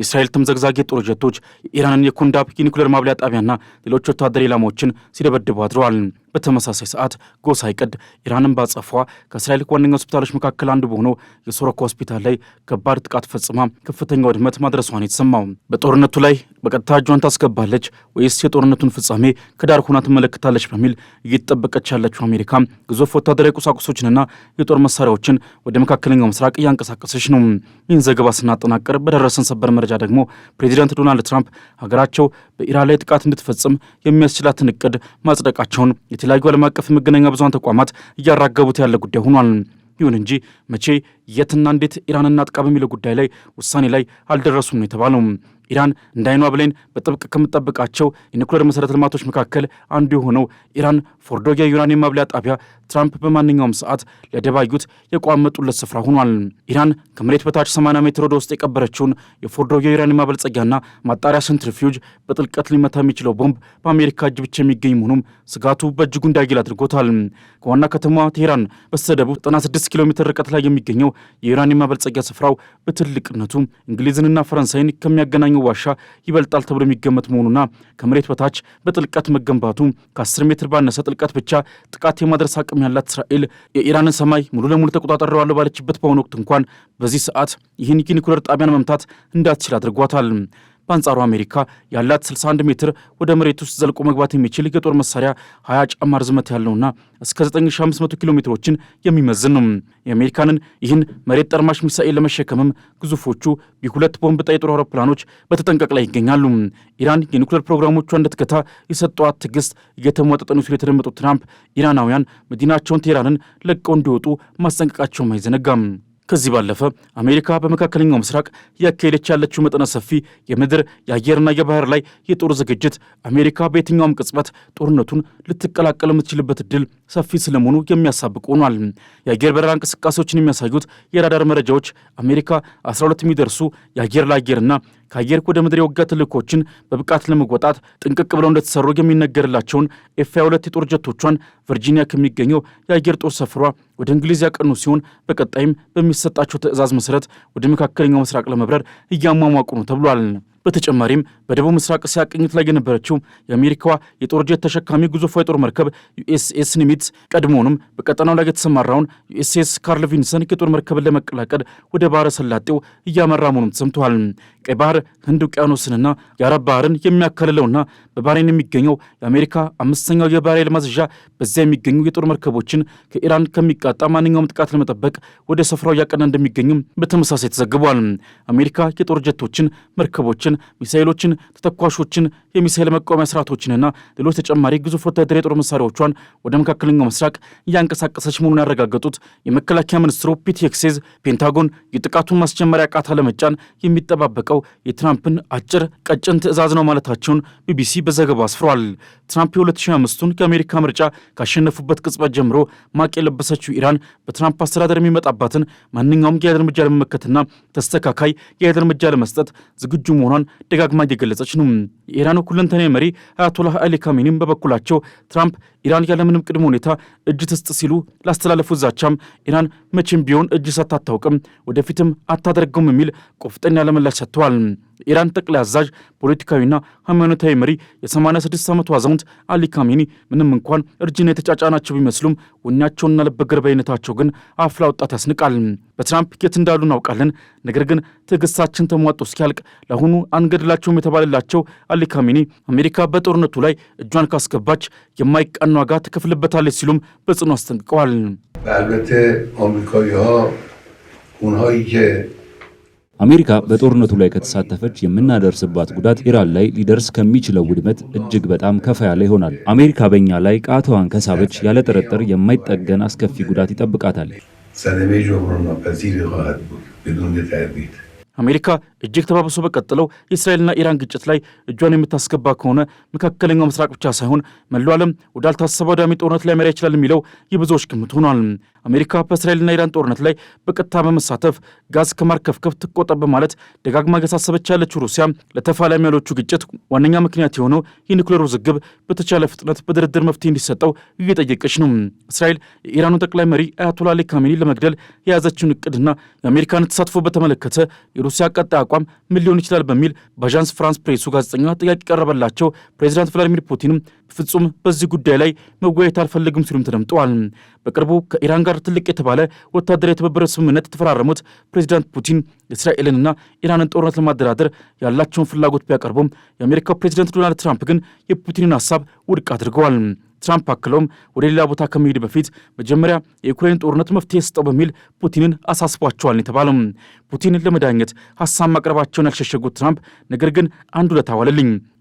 የእስራኤል ተምዘግዛጊ የጦር ጀቶች የኢራንን የኩንዳብ የኒኩሌር ማብሊያ ጣቢያና ሌሎች ወታደር ኢላማዎችን ሲደበድቡ አድረዋል። በተመሳሳይ ሰዓት ጎሳይ ቅድ ኢራንን ባጸፏ ከእስራኤል ዋነኛ ሆስፒታሎች መካከል አንዱ በሆነው የሶሮካ ሆስፒታል ላይ ከባድ ጥቃት ፈጽማ ከፍተኛ ውድመት ማድረሷን የተሰማው በጦርነቱ ላይ በቀጥታ እጇን ታስገባለች ወይስ የጦርነቱን ፍጻሜ ከዳር ሆና ትመለከታለች በሚል እየተጠበቀች ያለችው አሜሪካ ግዙፍ ወታደራዊ ቁሳቁሶችንና የጦር መሳሪያዎችን ወደ መካከለኛው ምስራቅ እያንቀሳቀሰች ነው። ይህን ዘገባ ስናጠናቀር በደረሰን ሰበር መረጃ ደግሞ ፕሬዚዳንት ዶናልድ ትራምፕ ሀገራቸው በኢራን ላይ ጥቃት እንድትፈጽም የሚያስችላትን እቅድ ማጽደቃቸውን የተለያዩ ዓለም አቀፍ መገናኛ ብዙሃን ተቋማት እያራገቡት ያለ ጉዳይ ሆኗል። ይሁን እንጂ መቼ፣ የትና እንዴት ኢራንን እናጥቃ በሚለው ጉዳይ ላይ ውሳኔ ላይ አልደረሱም ነው የተባለው። ኢራን እንዳይኗ አይኗ በጥብቅ ከምጠብቃቸው የኒኩሌር መሠረተ ልማቶች መካከል አንዱ የሆነው ኢራን ፎርዶጊያ ዩራኒየም ማብለያ ጣቢያ ትራምፕ በማንኛውም ሰዓት ሊያደባዩት የቋመጡለት ስፍራ ሆኗል። ኢራን ከመሬት በታች 80 ሜትር ወደ ውስጥ የቀበረችውን የፎርዶጊያ ዩራኒየም ማበልጸጊያና ማጣሪያ ሴንትሪፊውጅ በጥልቀት ሊመታ የሚችለው ቦምብ በአሜሪካ እጅ ብቻ የሚገኝ መሆኑም ስጋቱ በእጅጉ እንዳይል አድርጎታል። ከዋና ከተማዋ ቴህራን በስተደቡብ 96 ኪሎ ሜትር ርቀት ላይ የሚገኘው የዩራኒየም ማበልጸጊያ ስፍራው በትልቅነቱ እንግሊዝንና ፈረንሳይን ከሚያገናኙ የሚገኘው ዋሻ ይበልጣል ተብሎ የሚገመት መሆኑና ከመሬት በታች በጥልቀት መገንባቱ ከ10 ሜትር ባነሰ ጥልቀት ብቻ ጥቃት የማድረስ አቅም ያላት እስራኤል የኢራንን ሰማይ ሙሉ ለሙሉ ተቆጣጠረዋለሁ ባለችበት በአሁኑ ወቅት እንኳን በዚህ ሰዓት ይህን የኒኩሌር ጣቢያን መምታት እንዳትችል አድርጓታል። በአንጻሩ አሜሪካ ያላት 61 ሜትር ወደ መሬት ውስጥ ዘልቆ መግባት የሚችል የጦር መሳሪያ 20 ጫማ ርዝመት ያለውና እስከ 9500 ኪሎ ሜትሮችን የሚመዝን ነው። የአሜሪካንን ይህን መሬት ጠርማሽ ሚሳኤል ለመሸከምም ግዙፎቹ የሁለት ቦምብ ጣይ የጦር አውሮፕላኖች በተጠንቀቅ ላይ ይገኛሉ። ኢራን የኒውክሌር ፕሮግራሞቿ እንድትገታ የሰጠዋት ትዕግስት እየተሟጠጠኑ ሲሉ የተደመጡት ትራምፕ ኢራናውያን መዲናቸውን ቴህራንን ለቀው እንዲወጡ ማስጠንቀቃቸውም አይዘነጋም። ከዚህ ባለፈ አሜሪካ በመካከለኛው ምስራቅ ያካሄደች ያለችው መጠነ ሰፊ የምድር የአየርና የባህር ላይ የጦር ዝግጅት አሜሪካ በየትኛውም ቅጽበት ጦርነቱን ልትቀላቀል የምትችልበት እድል ሰፊ ስለመሆኑ የሚያሳብቅ ሆኗል። የአየር በረራ እንቅስቃሴዎችን የሚያሳዩት የራዳር መረጃዎች አሜሪካ 12 የሚደርሱ የአየር ለአየርና ከአየር ወደ ምድር የውጊያ ትልኮችን በብቃት ለመወጣት ጥንቅቅ ብለው እንደተሰሩ የሚነገርላቸውን ኤፍ 22 የጦር ጀቶቿን ቨርጂኒያ ከሚገኘው የአየር ጦር ሰፍሯ ወደ እንግሊዝ ያቀኑ ሲሆን በቀጣይም በሚሰጣቸው ትዕዛዝ መሰረት ወደ መካከለኛው ምስራቅ ለመብረር እያሟሟቁ ነው ተብሏል። በተጨማሪም በደቡብ ምስራቅ እስያ ቅኝት ላይ የነበረችው የአሜሪካዋ የጦር ጀት ተሸካሚ ግዙፏ የጦር መርከብ ዩኤስኤስ ኒሚትስ ቀድሞውንም በቀጠናው ላይ የተሰማራውን ዩኤስኤስ ካርል ቪንሰን የጦር መርከብን ለመቀላቀል ወደ ባህረ ሰላጤው እያመራ መሆኑም ተሰምተዋል። ቀይ ባህር ህንድ ውቅያኖስንና የአረብ ባህርን የሚያካልለውና በባህሬን የሚገኘው የአሜሪካ አምስተኛው የባህር ኃይል ማዘዣ በዚያ የሚገኙ የጦር መርከቦችን ከኢራን ከሚቃጣ ማንኛውም ጥቃት ለመጠበቅ ወደ ስፍራው እያቀና እንደሚገኙም በተመሳሳይ ተዘግቧል። አሜሪካ የጦር ጀቶችን፣ መርከቦችን ሚሳይሎችን፣ ተተኳሾችን የሚሳኤል መቃወሚያ ስርዓቶችንና ሌሎች ተጨማሪ ግዙፍ ወታደር የጦር መሳሪያዎቿን ወደ መካከለኛው ምስራቅ እያንቀሳቀሰች መሆኑን ያረጋገጡት የመከላከያ ሚኒስትሩ ፒት ፔንታጎን የጥቃቱን ማስጀመሪያ ቃታ ለመጫን የሚጠባበቀው የትራምፕን አጭር ቀጭን ትዕዛዝ ነው ማለታቸውን ቢቢሲ በዘገባ አስፍሯል። ትራምፕ የ2025ቱን የአሜሪካ ምርጫ ካሸነፉበት ቅጽበት ጀምሮ ማቅ የለበሰችው ኢራን በትራምፕ አስተዳደር የሚመጣባትን ማንኛውም የኃይል እርምጃ ለመመከትና ተስተካካይ የኃይል እርምጃ ለመስጠት ዝግጁ መሆኗን ደጋግማ እየገለጸች ነው። የኢራኑ ሁለንተናዊ መሪ አያቶላህ አሊ ካሚኒም በበኩላቸው ትራምፕ ኢራን ያለምንም ቅድመ ሁኔታ እጅ ትስጥ ሲሉ ላስተላለፉት ዛቻም ኢራን መቼም ቢሆን እጅ ሰጥታ አታውቅም፣ ወደፊትም አታደርገውም የሚል ቆፍጠን ያለ ምላሽ ሰጥተዋል። የኢራን ጠቅላይ አዛዥ ፖለቲካዊና ሃይማኖታዊ መሪ የ86 ዓመቱ አዛውንት አሊ ካሚኒ ምንም እንኳን እርጅና የተጫጫናቸው ቢመስሉም ወኔያቸውና ልበገርባይነታቸው ግን አፍላ ወጣት ያስንቃል። በትራምፕ የት እንዳሉ እናውቃለን፣ ነገር ግን ትዕግስታችን ተሟጦ እስኪያልቅ ለአሁኑ አንገድላቸውም የተባለላቸው አሊ ካሚኒ አሜሪካ በጦርነቱ ላይ እጇን ካስገባች የማይቀና ያለውን ዋጋ ትከፍልበታለች ሲሉም በጽኑ አስጠንቅቀዋል። አሜሪካ በጦርነቱ ላይ ከተሳተፈች የምናደርስባት ጉዳት ኢራን ላይ ሊደርስ ከሚችለው ውድመት እጅግ በጣም ከፋ ያለ ይሆናል። አሜሪካ በእኛ ላይ ቃተዋን ከሳበች ያለ ጥርጥር የማይጠገን አስከፊ ጉዳት ይጠብቃታል። አሜሪካ እጅግ ተባብሶ በቀጠለው የእስራኤልና ኢራን ግጭት ላይ እጇን የምታስገባ ከሆነ መካከለኛው ምስራቅ ብቻ ሳይሆን መላው ዓለም ወዳልታሰበ አውዳሚ ጦርነት ሊያመራ ይችላል የሚለው የብዙዎች ግምት ሆኗል። አሜሪካ በእስራኤልና ኢራን ጦርነት ላይ በቀጥታ በመሳተፍ ጋዝ ከማርከፍከፍ ትቆጠብ በማለት ደጋግማ ገሳሰበች ያለችው ሩሲያ ለተፋላሚ ያሎቹ ግጭት ዋነኛ ምክንያት የሆነው የኒውክሌር ውዝግብ በተቻለ ፍጥነት በድርድር መፍትሄ እንዲሰጠው እየጠየቀች ነው። እስራኤል የኢራኑ ጠቅላይ መሪ አያቶላ አሊ ካሜኒ ለመግደል የያዘችውን እቅድና የአሜሪካን ተሳትፎ በተመለከተ ሩሲያ ቀጣይ አቋም ምን ሊሆን ይችላል በሚል በአዣንስ ፍራንስ ፕሬሱ ጋዜጠኛ ጥያቄ ቀረበላቸው። ፕሬዚዳንት ቭላዲሚር ፑቲንም በፍጹም በዚህ ጉዳይ ላይ መወያየት አልፈልግም ሲሉም ተደምጠዋል። በቅርቡ ከኢራን ጋር ትልቅ የተባለ ወታደራዊ የትብብር ስምምነት የተፈራረሙት ፕሬዚዳንት ፑቲን እስራኤልንና ኢራንን ጦርነት ለማደራደር ያላቸውን ፍላጎት ቢያቀርቡም የአሜሪካው ፕሬዚዳንት ዶናልድ ትራምፕ ግን የፑቲንን ሀሳብ ውድቅ አድርገዋል። ትራምፕ አክለውም ወደ ሌላ ቦታ ከመሄድ በፊት መጀመሪያ የዩክሬን ጦርነት መፍትሄ ስጠው በሚል ፑቲንን አሳስቧቸዋል የተባለው ፑቲንን ለመዳኘት ሀሳብ ማቅረባቸውን ያልሸሸጉት ትራምፕ ነገር ግን አንድ ውለታ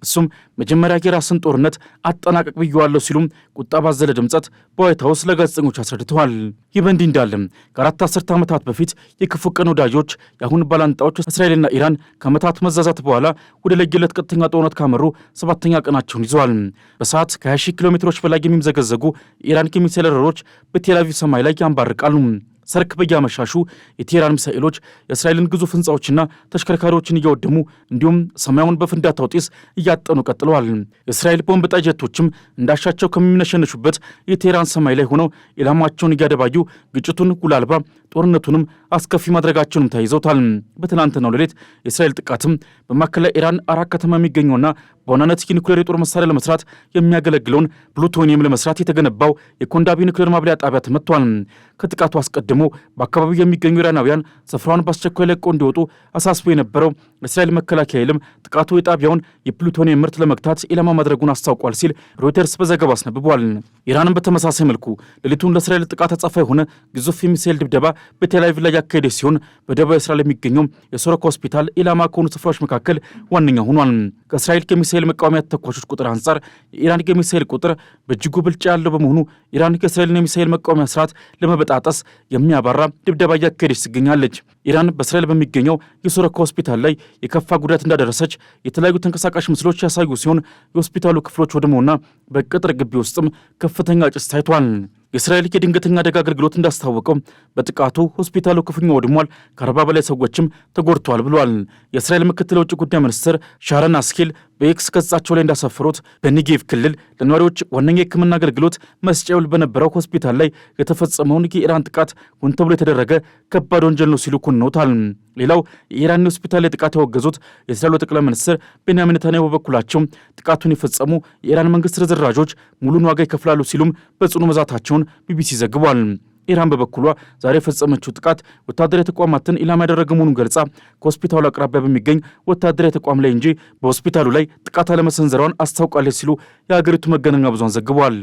እሱም መጀመሪያ የራስን ጦርነት አጠናቀቅ ብየዋለሁ ሲሉም ቁጣ ባዘለ ድምጸት በዋይት ሀውስ ለጋዜጠኞች አስረድተዋል። ይህ በእንዲህ እንዳለም ከአራት አስርት ዓመታት በፊት የክፉ ቀን ወዳጆች የአሁን ባላንጣዎች እስራኤልና ኢራን ከዓመታት መዛዛት በኋላ ወደ ለየለት ቀጥተኛ ጦርነት ካመሩ ሰባተኛ ቀናቸውን ይዘዋል። በሰዓት ከ20 ኪሎ ሜትሮች በላይ የሚምዘገዘጉ የኢራን ኬሚሳይል በቴል ሰማይ ላይ ያንባርቃሉ። ሰርክ በያመሻሹ የቴህራን ሚሳኤሎች የእስራኤልን ግዙፍ ህንፃዎችና ተሽከርካሪዎችን እያወደሙ እንዲሁም ሰማያውን በፍንዳታው ጢስ እያጠኑ ቀጥለዋል። የእስራኤል ቦምብ ጣይ ጀቶችም እንዳሻቸው ከሚነሸነሹበት የቴህራን ሰማይ ላይ ሆነው ኢላማቸውን እያደባዩ ግጭቱን ጉል አልባ ጦርነቱንም አስከፊ ማድረጋቸውንም ተያይዘውታል። በትናንትናው ሌሊት የእስራኤል ጥቃትም በማዕከላዊ ኢራን አራት ከተማ የሚገኘውና በዋናነት የኒኩሌር የጦር መሳሪያ ለመስራት የሚያገለግለውን ፕሉቶኒየም ለመስራት የተገነባው የኮንዳቢ ኒኩሌር ማብለያ ጣቢያ ተመቷል። ከጥቃቱ አስቀድሞ አስቀድሞ በአካባቢው የሚገኙ ኢራናውያን ስፍራውን በአስቸኳይ ለቀው እንዲወጡ አሳስቦ የነበረው እስራኤል መከላከያ ኃይልም ጥቃቱ የጣቢያውን የፕሉቶኒየም ምርት ለመግታት ኢላማ ማድረጉን አስታውቋል ሲል ሮይተርስ በዘገባ አስነብቧል። ኢራንም በተመሳሳይ መልኩ ሌሊቱን ለእስራኤል ጥቃት አጸፋ የሆነ ግዙፍ የሚሳኤል ድብደባ በቴልአቪቭ ላይ ያካሄደ ሲሆን በደቡብ እስራኤል የሚገኘው የሶረካ ሆስፒታል ኢላማ ከሆኑ ስፍራዎች መካከል ዋነኛ ሆኗል። ከእስራኤል የሚሳኤል መቃወሚያ ተኳሾች ቁጥር አንጻር የኢራን የሚሳኤል ቁጥር በእጅጉ ብልጫ ያለው በመሆኑ ኢራን ከእስራኤልን የሚሳኤል መቃወሚያ ስርዓት ለመበጣጠስ የሚያባራ ድብደባ እያካሄደች ትገኛለች። ኢራን በእስራኤል በሚገኘው የሶረካ ሆስፒታል ላይ የከፋ ጉዳት እንዳደረሰች የተለያዩ ተንቀሳቃሽ ምስሎች ያሳዩ ሲሆን የሆስፒታሉ ክፍሎች ወድመውና በቅጥር ግቢ ውስጥም ከፍተኛ ጭስ ታይቷል። የእስራኤል የድንገተኛ አደጋ አገልግሎት እንዳስታወቀው በጥቃቱ ሆስፒታሉ ክፉኛ ወድሟል፣ ከአርባ በላይ ሰዎችም ተጎድተዋል ብሏል። የእስራኤል ምክትል ውጭ ጉዳይ ሚኒስትር ሻረን አስኪል በኤክስ ገጻቸው ላይ እንዳሰፈሩት በኒጌቭ ክልል ለነዋሪዎች ዋነኛ የሕክምና አገልግሎት መስጫ ውል በነበረው ሆስፒታል ላይ የተፈጸመውን የኢራን ጥቃት ሆን ተብሎ የተደረገ ከባድ ወንጀል ነው ሲሉ ኮንነውታል። ሌላው የኢራን ሆስፒታል ጥቃት ያወገዙት የእስራኤሉ ጠቅላይ ሚኒስትር ቤንያሚን ኔታንያሁ በበኩላቸው ጥቃቱን የፈጸሙ የኢራን መንግስት ርዝራዦች ሙሉን ዋጋ ይከፍላሉ ሲሉም በጽኑ መዛታቸውን ቢቢሲ ዘግቧል። ኢራን በበኩሏ ዛሬ የፈጸመችው ጥቃት ወታደራዊ ተቋማትን ኢላማ ያደረገ መሆኑን ገልጻ ከሆስፒታሉ አቅራቢያ በሚገኝ ወታደራዊ ተቋም ላይ እንጂ በሆስፒታሉ ላይ ጥቃት አለመሰንዘሯን አስታውቃለች ሲሉ የሀገሪቱ መገናኛ ብዙሃን ዘግቧል።